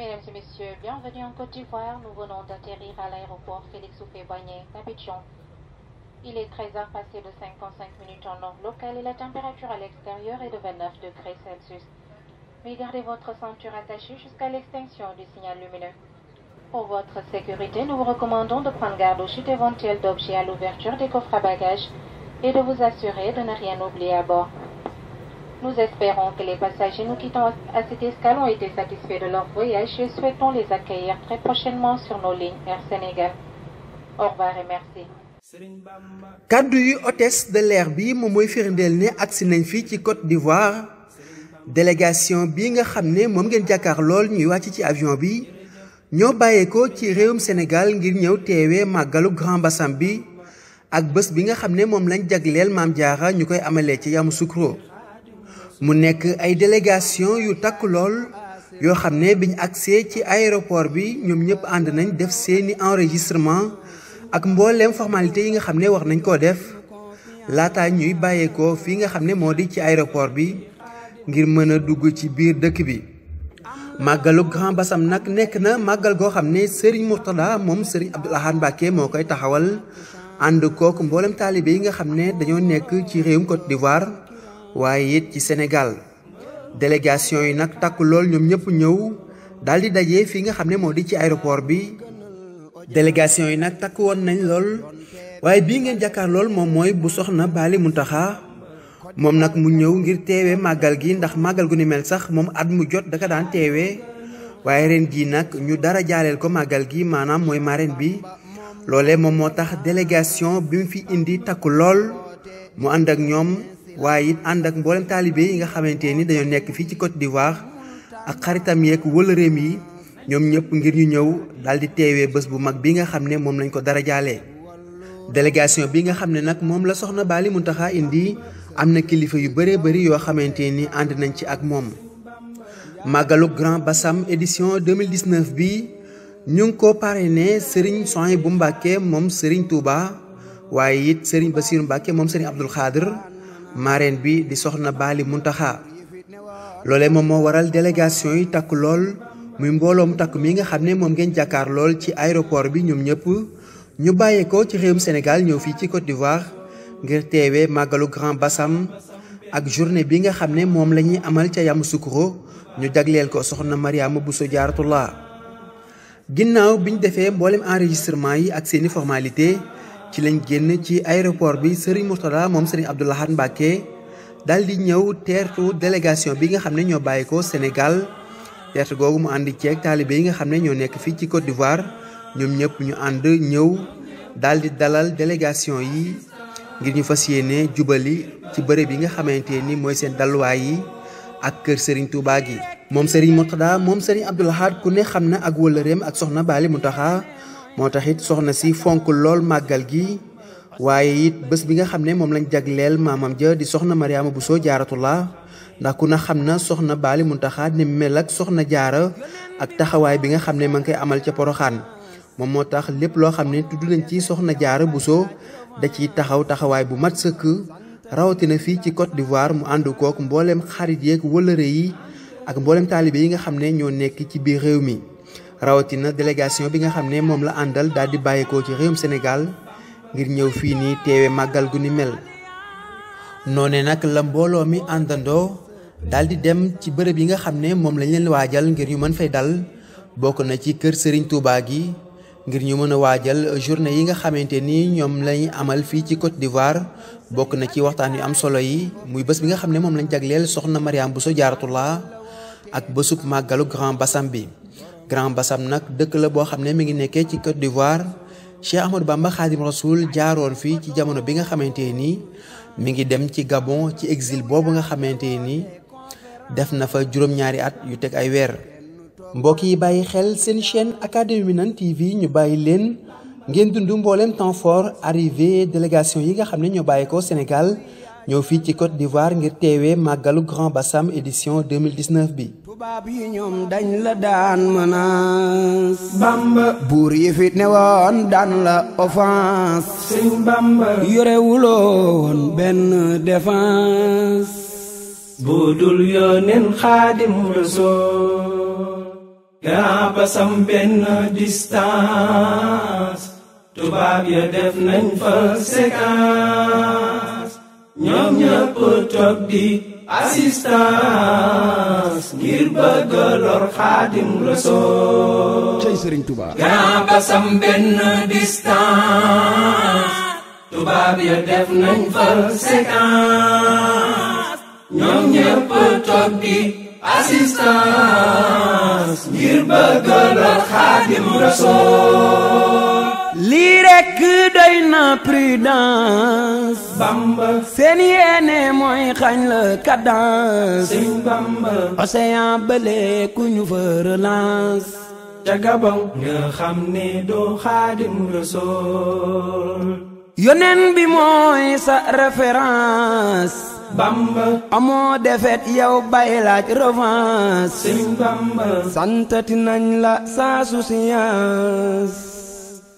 Mesdames et messieurs, bienvenue en Côte d'Ivoire. Nous venons d'atterrir à l'aéroport Félix Houphouët-Boigny d'Abidjan. Il est 13h passé de 55 minutes en heure locale et la température à l'extérieur est de 29 degrés Celsius. Mais gardez votre ceinture attachée jusqu'à l'extinction du signal lumineux. Pour votre sécurité, nous vous recommandons de prendre garde aux chutes éventuelles d'objets à l'ouverture des coffres à bagages et de vous assurer de Nous kàddu yu hôtesse de l'air bi moom mooy firndeel ne agsi nañ fii ci Côte d'Ivoire délégation bi nga xam ne moom ngeen jàkkaar lool ñuy wàcc ci avion bi ñoo bàyyeekoo ci réewum Sénégal ngir ñëw teewe màggalu Grand Bassam bi ak bës bi nga xam ne moom lañ jagleel Maam Jaara ñu koy amalee ci Yamoussoukro mu nekk ay délégation yu takk lool yoo xam ne biñ agsee ci aéroport bi ñoom ñëpp ànd nañ def seeni enregistrement ak mbooleem formalité yi nga xam ne wax nañ koo def laata ñuy bàyyeekoo fii nga xam ne moo di ci aéroport bi ngir mën a dugg ci biir dëkk bi. màggalu Grand Bassam nag nekk na màggal goo xam ne Serigne Mourtada moom Serigne Abdoul Ahad Mbacké moo koy taxawal ànd kook mboolem taalibe yi nga xam ne dañoo nekk ci réewum Côte d'Ivoire. waaye it ci Sénégal délégation yi nag takk lool ñoom ñëpp ñëw daal di daje fi nga xam ne moo di ci aéroport bi délégation yi nag takk woon nañ lool waaye bii ngeen jàkkaar lool moom mooy bu soxna Baali Muntaxa moom nag mu ñëw ngir teewe màggal gi ndax màggal gu ni mel sax moom at mu jot daka daan teewee waaye ren jii nag ñu dara jaaleel ko màggal gi maanaam mooy marraine bi loole moom moo tax délégation bi mu fi indi takku lool mu ànd ak ñoom waaye it ànd ak mboolem taalibe yi nga xamante ni dañoo nekk fii ci Côte d'Ivoire ak xaritam yeeg wëlëreem yi ñoom ñëpp ngir ñu ñëw daal di teewee bés bu mag bi nga xam ne moom lañ ko dara jaalee délégation bi nga xam ne nag moom la soxna Baali mun Muntaxa indi am na kilifa yu bëree bëri yoo xamante ni ànd nañ ci ak moom. màggalu Grand Bassam édition 2019 bi ñu ngi ko ne parrainé Serigne bu Mbacké moom Serigne Touba waaye it sëriñ Bassirou Mbacké moom Serigne Abdoul marraine bi di soxna Baali Muntaxa loole moom moo waral délégation yi takk lool muy mbooloom takk mii nga xam ne moom ngeen jàkkaar lool ci aéroport bi ñoom ñëpp ñu bàyyee ko ci réewum Sénégal ñëw fii ci Côte d'Ivoire ngir teewe màggalu Grand Bassam ak journée bi nga xam ne moom la ñuy amal ca yam Yamoussoukro ñu jagleel ko soxna Mariama Bousso Diaratullah ginnaaw bi ñu defee mboolem enregistrement yi ak seeni formalité ci lañ génn ci aéroport bi Serigne Mourtada moom Serigne Abdou Lahad Mbacké daal di ñëw teertu délégation bi nga xam ne ñoo bàyyi ko Sénégal teertu googu mu ànd ceeg taalibe yi nga xam ne ñoo nekk fii ci Côte d'Ivoire ñoom ñëpp ñu ànd ñëw daal di dalal délégation yi ngir ñu fas yéene jubali ci bërëb yi nga xamante ni mooy seen dalluwaay yi ak kër sëriñ Touba gi. moom Serigne Mourtada moom Serigne Abdou ku ne xam na ak wëllëreem ak soxna Baali Mountakha moo tax it soxna si fonk lool màggal gi waaye it bés bi nga xam ne moom lañ jagleel maamam ja di soxna bu Bousso Jaaratullah ndax ku na xam na soxna Baali Muntaxa ni mel ak soxna jaara ak taxawaay bi nga xam ne ma ngi koy amal ca Poroxaan moom moo tax lépp loo xam ne tudd nañ ci soxna jaara Bousso da ciy taxaw taxawaay bu mat sëkk rawatina fii ci Côte d'Ivoire mu ànd kook mbooleem xarit yeeg wëlëre yi ak mbooleem taalibe yi nga xam ne ñoo nekk ci biir réew mi rawatina délégation bi nga xam ne moom la àndal daal di bàyyeekoo ci réewum Sénégal ngir ñëw fii nii teewe màggal gu ni mel noone nag la mbooloo mi àndandoo daal dem ci bërëb yi nga xam ne moom lañ leen waajal ngir ñu mën fay dal bokk na ci kër Serigne Touba gi ngir ñu mën a waajal journée yi nga xamante ni ñoom lañ amal fii ci Côte d'Ivoire bokk na ci waxtaan yu am solo yi muy bés bi nga xam ne moom lañ jagleel soxna Mariam Bousso Jaaratullaa ak bésub màggalu Grand bi Grand Bassam nag dëkk la boo xam ne mi ngi nekkee ci Côte d'Ivoire Cheikh Ahmadou Bamba Khadim Rasoul jaaroon fii ci jamono bi nga xamante nii mi ngi dem ci Gabon ci exil boobu nga xamante nii def na fa juróom-ñaari at yu teg ay weer mbokk yi bàyyi xel seen chaîne Académie Minane TV ñu bàyyi leen ngeen dundu mbooleem temps fort arrivé délégation yi nga xam ne ñoo bàyyi ko Sénégal ñëw fii ci Côte d'Ivoire ngir teewee màggalu Grand Bassam édition 2019 bi tubaab yi ñoom dañ la daan menace bamba buur yi fit ne woon daan la offense sëñ bamba yorewuloo woon benn défense budul yoneen xaadim rasool yaa basam benn distance tubaab ya def nañ fa séquence ñoom ñëpp toog di assistance ngir bëgg lor xaadim rasool cay sëriñ Tuubaa grand basam benn distance tubaab ya def nañ far séquence ñoom ñëpp toog di assistance ngir bëgg lor xaadim rasool lii rekk doy na Bamba seen yéene mooy xañ la cadence Sëñ Bamba ku ñu fa relance ca Gabon nga xam ne doo Xaadim Rasuul yoneen bi mooy sa référence Bamba amoo defet yow bay laaj revanche santati nañ la sa souciance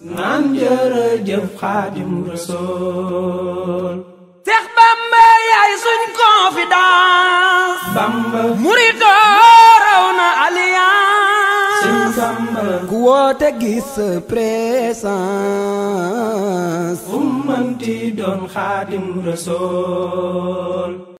naan jërëjëf xaadim rasool seex bamba yaay suñ confidence bamba muritoo raw na alliance ku woote gis présence ummanti doon xaadim rasool